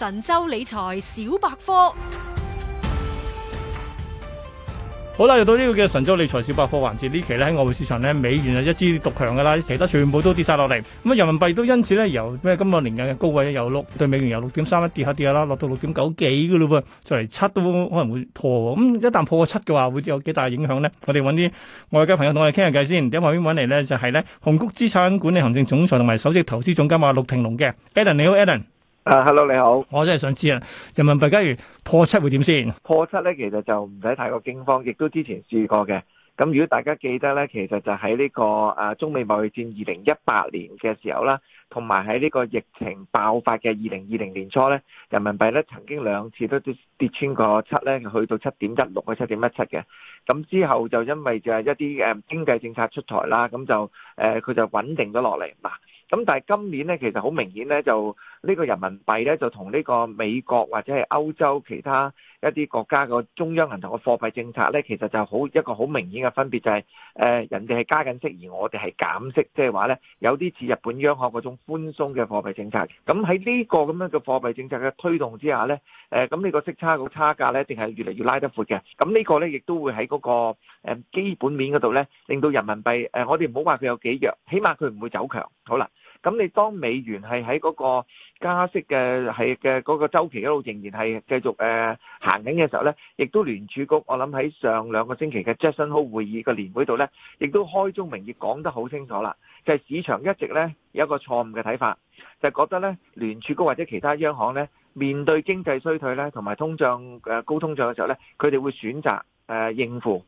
神州理財小百科，好啦，又到呢個嘅神州理財小百科環節，呢期咧喺外匯市場咧，美元啊一枝獨強噶啦，其他全部都跌晒落嚟。咁啊，人民幣都因此咧由咩今個年嘅高位又碌，對美元由六點三一跌下跌下啦，落到六點九幾噶嘞噃，就嚟七都可能會破。咁一旦破七嘅話，會有幾大影響咧？我哋揾啲外界嘅朋友同我哋傾下偈先。喺外邊揾嚟咧就係咧，鴻鵠資產管理行政總裁同埋首席投資總監話陸庭龍嘅，Eden 你好，Eden。誒，hello，你好，我真係想知啊，人民幣假如破七會點先？破七咧，其實就唔使太過驚慌，亦都之前試過嘅。咁如果大家記得咧，其實就喺呢個誒中美貿易戰二零一八年嘅時候啦，同埋喺呢個疫情爆發嘅二零二零年初咧，人民幣咧曾經兩次都都跌穿過七咧，去到七點一六啊，七點一七嘅。咁之後就因為就係一啲誒經濟政策出台啦，咁就誒佢、呃、就穩定咗落嚟。嗱，咁但係今年咧，其實好明顯咧就。呢個人民幣咧就同呢個美國或者係歐洲其他一啲國家個中央銀行個貨幣政策咧，其實就好一個好明顯嘅分別，就是，就係誒人哋係加緊息，而我哋係減息，即係話咧有啲似日本央行嗰種寬鬆嘅貨幣政策。咁喺呢個咁樣嘅貨幣政策嘅推動之下咧，誒咁呢個息差個差價咧，定係越嚟越拉得闊嘅。咁呢個咧亦都會喺嗰個基本面嗰度咧，令到人民幣誒、呃、我哋唔好話佢有幾弱，起碼佢唔會走強。好啦。咁你當美元係喺嗰個加息嘅係嘅嗰個週期一路仍然係繼續誒行緊嘅時候咧，亦都聯儲局我諗喺上兩個星期嘅 Jackson Hole 會議嘅年會度咧，亦都開宗明義講得好清楚啦，就係、係、市場一直咧有一個錯誤嘅睇法，就係、覺得咧聯儲局或者其他央行咧面對經濟衰退咧同埋通脹誒高通脹嘅時候咧，佢哋會選擇誒、呃、應付。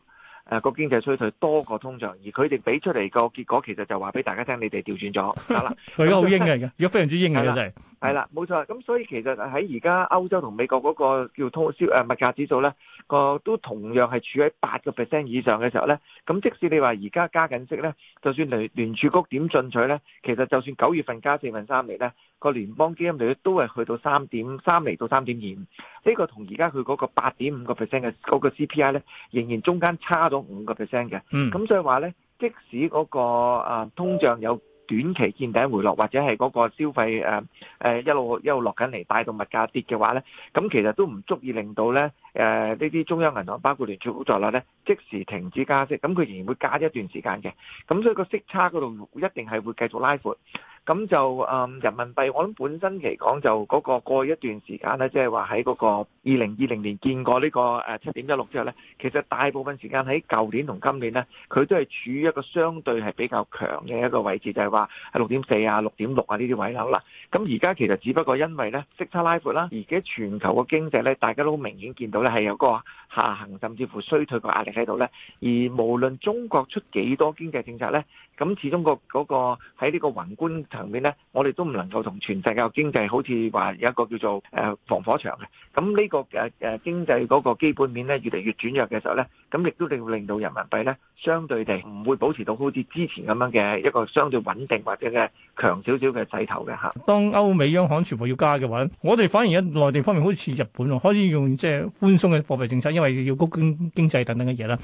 誒，個、啊、經濟衰退多過通脹，而佢哋俾出嚟個結果，其實就話俾大家聽，你哋調轉咗，吓啦，佢而家好英嘅，而家、嗯、非常之英嘅真係，係啦，冇錯。咁所以其實喺而家歐洲同美國嗰個叫通消誒物價指數咧。個都同樣係處喺八個 percent 以上嘅時候咧，咁即使你話而家加緊息咧，就算聯聯儲局點進取咧，其實就算九月份加四分三厘咧，個聯邦基金利率都係去到三點三釐到三點二五，這個、個個呢個同而家佢嗰個八點五個 percent 嘅嗰個 CPI 咧，仍然中間差咗五個 percent 嘅。咁、嗯、所以話咧，即使嗰、嗰個、啊、通脹有短期見底回落或者係嗰個消費誒誒、呃呃、一路一路落緊嚟，帶動物價跌嘅話咧，咁其實都唔足以令到咧誒呢啲、呃、中央銀行包括聯儲局在內咧，即時停止加息，咁佢仍然會加一段時間嘅，咁所以個息差嗰度一定係會繼續拉闊。咁就誒、嗯、人民幣，我諗本身嚟講就嗰個過一段時間咧，即係話喺嗰個二零二零年見過呢個誒七點一六之後咧，其實大部分時間喺舊年同今年咧，佢都係處於一個相對係比較強嘅一個位置，就係話喺六點四啊、六點六啊呢啲位啦。咁而家其實只不過因為咧息差拉闊啦，而家全球嘅經濟咧大家都好明顯見到咧係有個下行甚至乎衰退嘅壓力喺度咧，而無論中國出幾多經濟政策咧。咁始終個嗰喺呢個宏觀層面咧，我哋都唔能夠同全世界經濟好似話有一個叫做誒防火牆嘅。咁呢個誒誒經濟嗰個基本面咧，越嚟越轉弱嘅時候咧。咁亦都定會令令到人民幣咧，相對地唔會保持到好似之前咁樣嘅一個相對穩定或者嘅強少少嘅勢頭嘅嚇。當歐美央行全部要加嘅話，我哋反而喺內地方面好似日本喎，開始用即係、就是、寬鬆嘅貨幣政策，因為要救經經濟等等嘅嘢啦。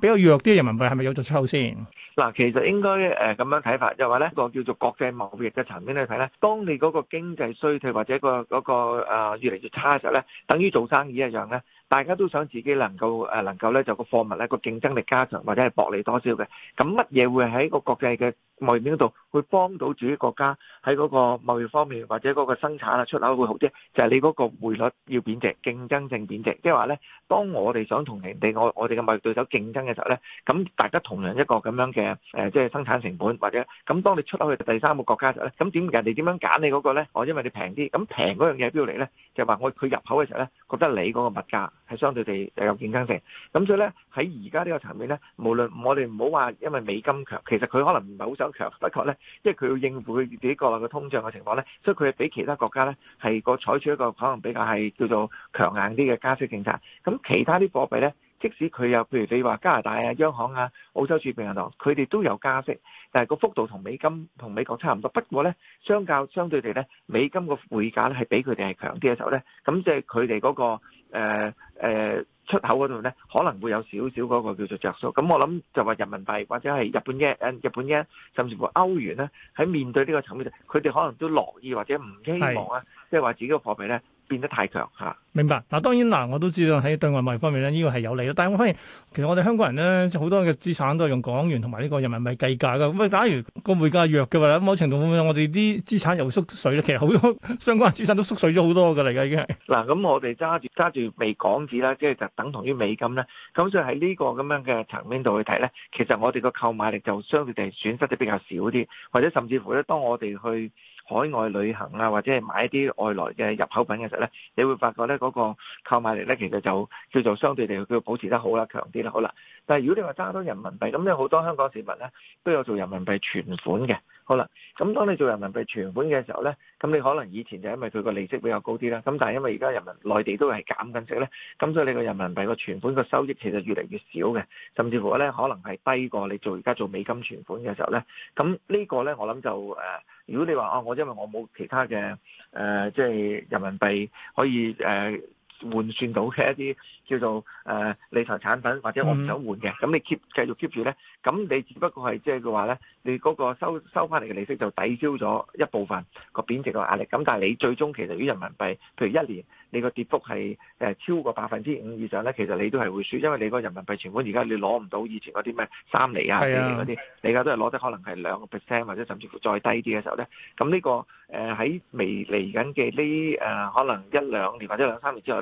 比較弱啲人民幣係咪有咗出口先？嗱，其實應該誒咁樣睇法就，就話咧個叫做國際貿易嘅層面去睇咧，當你嗰個經濟衰退或者個嗰個越嚟越差嘅時候咧，等於做生意一樣咧。大家都想自己能夠誒，能夠咧就個貨物咧，個競爭力加強或者係薄利多銷嘅，咁乜嘢會喺個國際嘅貿易邊度會幫到自己國家喺嗰個貿易方面或者嗰個生產啊，出口會好啲，就係你嗰個匯率要貶值，競爭性貶值，即係話咧，當我哋想同人哋我我哋嘅貿易對手競爭嘅時候咧，咁大家同樣一個咁樣嘅誒、呃，即係生產成本或者咁，當你出口去第三個國家嘅時候咧，咁點人哋點樣揀你嗰個咧？我因為你平啲，咁平嗰樣嘢標嚟，咧，就話我佢入口嘅時候咧，覺得你嗰個物價，相對地有競爭性，咁所以咧喺而家呢個層面咧，無論我哋唔好話，因為美金強，其實佢可能唔係好想強，不確咧，因為佢要應付自己國內嘅通脹嘅情況咧，所以佢係比其他國家咧係個採取一個可能比較係叫做強硬啲嘅加息政策，咁其他啲貨幣咧。即使佢有，譬如你話加拿大啊、央行啊、澳洲儲備銀行，佢哋都有加息，但係個幅度同美金同美國差唔多。不過咧，相較相對地咧，美金個匯價咧係比佢哋係強啲嘅時候咧，咁即係佢哋嗰個誒、呃呃、出口嗰度咧，可能會有少少嗰個叫做着數。咁我諗就話人民幣或者係日本嘅誒日本嘅，甚至乎歐元咧，喺面對呢個層面，佢哋可能都樂意或者唔希望啊，是即係話自己個貨幣咧。變得太強嚇，啊、明白嗱。當然嗱，我都知道喺對外貿易方面咧，呢個係有利咯。但係我發現，其實我哋香港人咧，好多嘅資產都係用港元同埋呢個人民幣計價噶。咁啊，假如個匯價弱嘅話咧，某程度上我哋啲資產又會縮水咧。其實好多相關資產都縮水咗好多㗎啦，而家已經係嗱。咁、啊、我哋揸住揸住未港紙啦，即係就等同於美金咧。咁所以喺呢個咁樣嘅層面度去睇咧，其實我哋個購買力就相對地損失得比較少啲，或者甚至乎咧，當我哋去，海外旅行啊，或者係買一啲外來嘅入口品嘅時候咧，你會發覺咧嗰個購買力咧，其實就叫做相對地佢保持得好啦，強啲啦，好啦。但係如果你話揸多人民幣咁，有好多香港市民咧都有做人民幣存款嘅，好啦。咁當你做人民幣存款嘅時候咧，咁你可能以前就因為佢個利息比較高啲啦，咁但係因為而家人民內地都係減緊息咧，咁所以你個人民幣個存款個收益其實越嚟越少嘅，甚至乎咧可能係低過你做而家做美金存款嘅時候咧。咁呢個咧我諗就誒。呃如果你話啊，我因為我冇其他嘅誒，即、呃、係、就是、人民幣可以誒。呃換算到嘅一啲叫做誒、呃、理財產品，或者我唔想換嘅，咁你 keep 繼續 keep 住咧，咁你只不過係即係嘅話咧，你嗰個收收翻嚟嘅利息就抵消咗一部分個貶值嘅壓力。咁但係你最終其實於人民幣，譬如一年你個跌幅係誒超過百分之五以上咧，其實你都係會輸，因為你個人民幣存款而家你攞唔到以前嗰啲咩三釐啊嗰啲是、啊，你而家都係攞得可能係兩個 percent 或者甚至乎再低啲嘅時候咧。咁呢、呢個誒喺、呃、未嚟緊嘅呢誒可能一兩年或者兩三年之後。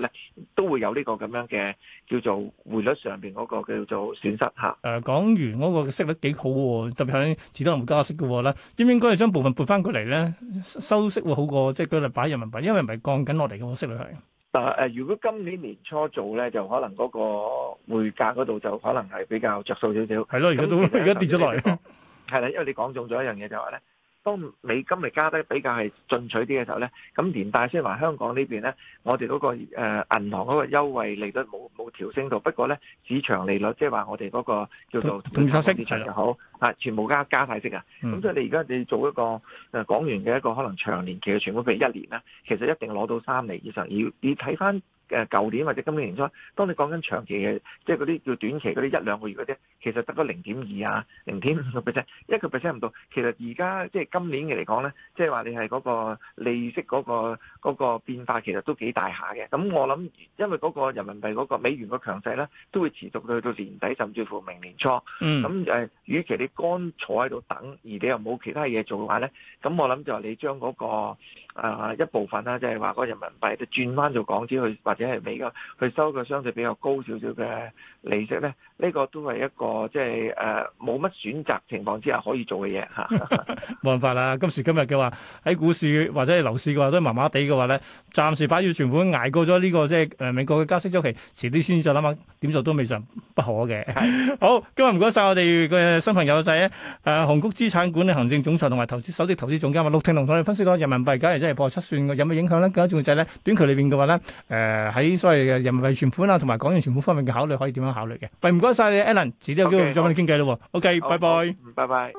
都會有呢個咁樣嘅叫做匯率上邊嗰個叫做損失吓。誒，港元嗰個息率幾好喎，特別喺持多人民加息嘅啦。應唔應該將部分撥翻過嚟咧？收息會好過即係佢哋擺人民幣，因為唔係降緊落嚟嘅息率係。但係誒，如果今年年初做咧，就可能嗰個匯價嗰度就可能係比較着數少少。係咯，而家都而家跌咗落嚟。係啦，因為你講中咗一樣嘢就話咧。當美金嚟加得比較係進取啲嘅時候咧，咁連帶先話香港呢邊咧，我哋嗰個誒銀行嗰個優惠利率冇冇調升到，不過咧，市場利率即係話我哋嗰個叫做市場又好嚇，全部加加派息啊！咁所以你而家你做一個誒港元嘅一個可能長年期嘅存款，譬如一年啦，其實一定攞到三厘以上，要要睇翻，誒舊年或者今年年初，當你講緊長期嘅，即係嗰啲叫短期嗰啲一兩個月嗰啲，其實得嗰零點二啊、零點五個 percent，一個 percent 唔到。其實而家即係今年嘅嚟講咧，即係話你係嗰個利息嗰個嗰個變化其實都幾大下嘅。咁我諗，因為嗰個人民幣嗰個美元嘅強勢咧，都會持續到去到年底，甚至乎明年初。嗯。咁誒，與、呃、其你乾坐喺度等，而你又冇其他嘢做嘅話咧，咁我諗就係你將嗰個呃、一部分啦，即係話嗰人民幣就轉翻做港紙去。或者係美國去收個相對比較高少少嘅利息咧，呢個都係一個即係誒冇乜選擇情況之下可以做嘅嘢，冇辦法啦。今時今日嘅話喺股市或者係樓市嘅話都係麻麻地嘅話咧，暫時擺住存款捱過咗呢個即係誒美國嘅加息週期，遲啲先至再諗下點做都未嘗不可嘅。好，今日唔該曬我哋嘅新朋友仔誒鴻鵠資產管理行政總裁同埋投資首席投資總監麥陸庭龍同你分析到，人民幣假如真係破七算嘅有咩影響咧？更加重要就係咧短期裏邊嘅話咧誒。喺所謂嘅人民幣存款啊，同埋港元存款方面嘅考慮，可以點樣考慮嘅？喂，唔該晒你，Alan，遲啲有機會再揾你傾偈咯。OK，拜拜，拜拜。